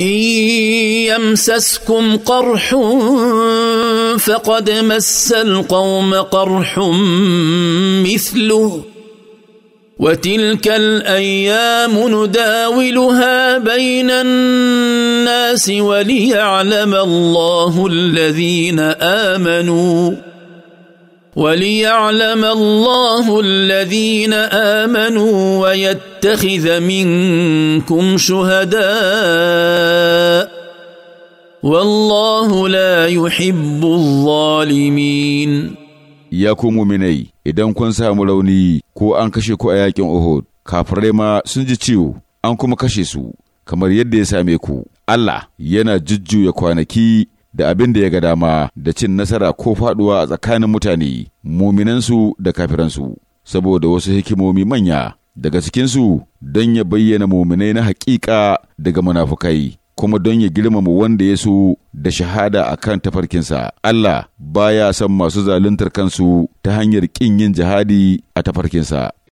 إن يمسسكم قرح فقد مس القوم قرح مثله وتلك الأيام نداولها بين الناس وليعلم الله الذين آمنوا وليعلم الله الذين امنوا ويتخذ منكم شهداء والله لا يحب الظالمين ya ku idan kun samu rauni ko an kashe ku a yakin Uhud kafirai ma sun ji ciwo an kuma kashe su kamar yadda ya same ku Allah yana jujjuya kwanaki da abin da ya ga dama da cin nasara ko faduwa a tsakanin mutane muminansu da kafiransu saboda wasu hikimomi manya daga cikinsu don ya bayyana muminai na hakika daga munafukai kuma don ya girmama wanda ya su da shahada a kan tafarkinsa Allah baya son masu zaluntar kansu ta hanyar ƙin yin jihadi a tafarkinsa